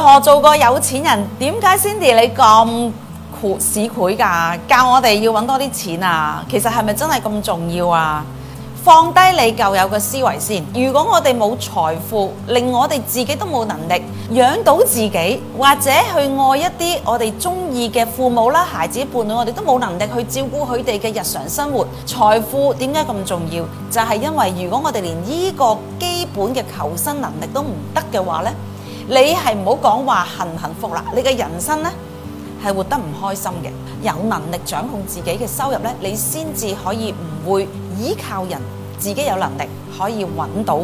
如何做個有錢人？點解 Sandy 你咁酷市儈㗎？教我哋要揾多啲錢啊！其實係咪真係咁重要啊？放低你舊有嘅思維先。如果我哋冇財富，令我哋自己都冇能力養到自己，或者去愛一啲我哋中意嘅父母啦、孩子、伴侶，我哋都冇能力去照顧佢哋嘅日常生活。財富點解咁重要？就係因為如果我哋連呢個基本嘅求生能力都唔得嘅話呢。你係唔好講話幸唔幸福啦，你嘅人生呢，係活得唔開心嘅。有能力掌控自己嘅收入呢，你先至可以唔會依靠人，自己有能力可以揾到，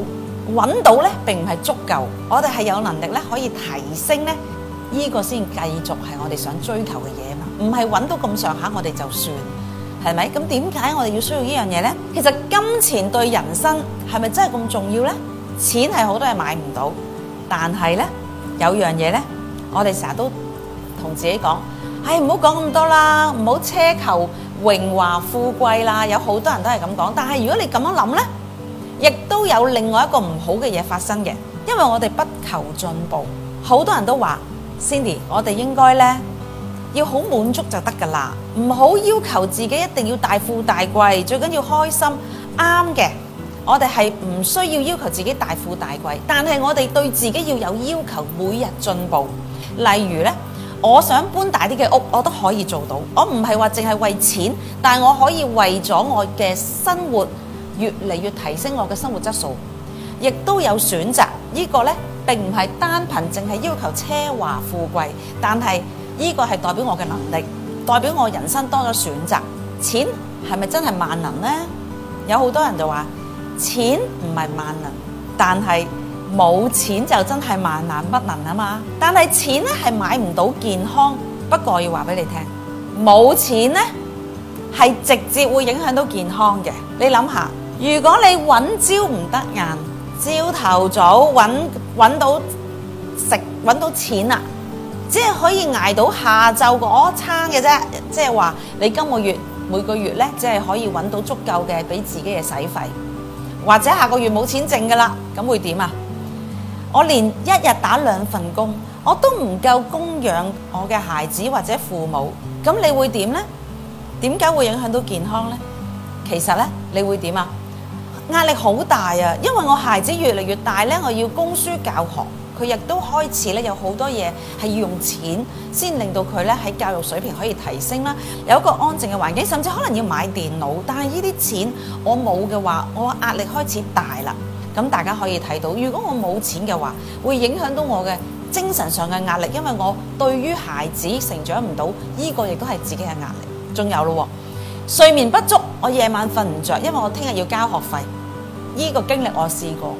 揾到呢並唔係足夠。我哋係有能力呢，可以提升呢。呢個先繼續係我哋想追求嘅嘢嘛。唔係揾到咁上下我哋就算，係咪？咁點解我哋要需要呢樣嘢呢？其實金錢對人生係咪真係咁重要呢？錢係好多嘢買唔到。但係咧，有樣嘢咧，我哋成日都同自己講，唉、哎，唔好講咁多啦，唔好奢求榮華富貴啦。有好多人都係咁講，但係如果你咁樣諗咧，亦都有另外一個唔好嘅嘢發生嘅，因為我哋不求進步。好多人都話，Cindy，我哋應該咧要好滿足就得噶啦，唔好要，要求自己一定要大富大貴，最緊要開心，啱嘅。我哋係唔需要要求自己大富大貴，但係我哋對自己要有要求，每日進步。例如呢，我想搬大啲嘅屋，我都可以做到。我唔係話淨係為錢，但係我可以為咗我嘅生活越嚟越提升我嘅生活質素，亦都有選擇。呢個呢，並唔係單憑淨係要求奢華富貴，但係呢個係代表我嘅能力，代表我人生多咗選擇。錢係咪真係萬能呢？有好多人就話。錢唔係萬能，但係冇錢就真係萬難不能啊嘛。但係錢咧係買唔到健康。不過我要話俾你聽，冇錢咧係直接會影響到健康嘅。你諗下，如果你揾朝唔得閒，朝頭早揾揾到食揾到錢啊，只係可以捱到下晝嗰餐嘅啫。即係話你今個月每個月咧，只係可以揾到足夠嘅俾自己嘅使費。或者下個月冇錢剩噶啦，咁會點啊？我連一日打兩份工，我都唔夠供養我嘅孩子或者父母，咁你會點呢？點解會影響到健康呢？其實呢，你會點啊？壓力好大啊，因為我孩子越嚟越大呢，我要供書教學。佢亦都開始咧，有好多嘢係要用錢先令到佢咧喺教育水平可以提升啦。有一個安靜嘅環境，甚至可能要買電腦。但係呢啲錢我冇嘅話，我壓力開始大啦。咁大家可以睇到，如果我冇錢嘅話，會影響到我嘅精神上嘅壓力，因為我對於孩子成長唔到，呢個亦都係自己嘅壓力。仲有咯，睡眠不足，我夜晚瞓唔着，因為我聽日要交學費。呢個經歷我試過。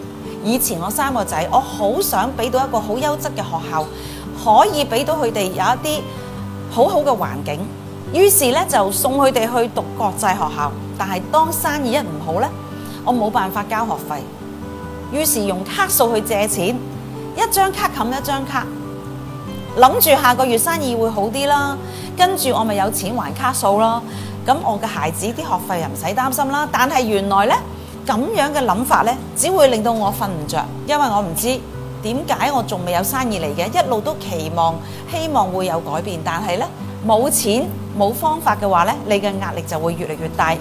以前我三個仔，我好想俾到一個好優質嘅學校，可以俾到佢哋有一啲好好嘅環境。於是咧就送佢哋去讀國際學校。但係當生意一唔好咧，我冇辦法交學費，於是用卡數去借錢，一張卡冚一張卡，諗住下個月生意會好啲啦，跟住我咪有錢還卡數咯。咁我嘅孩子啲學費又唔使擔心啦。但係原來咧。咁樣嘅諗法呢，只會令到我瞓唔着，因為我唔知點解我仲未有生意嚟嘅，一路都期望，希望會有改變，但係呢，冇錢冇方法嘅話呢，你嘅壓力就會越嚟越大。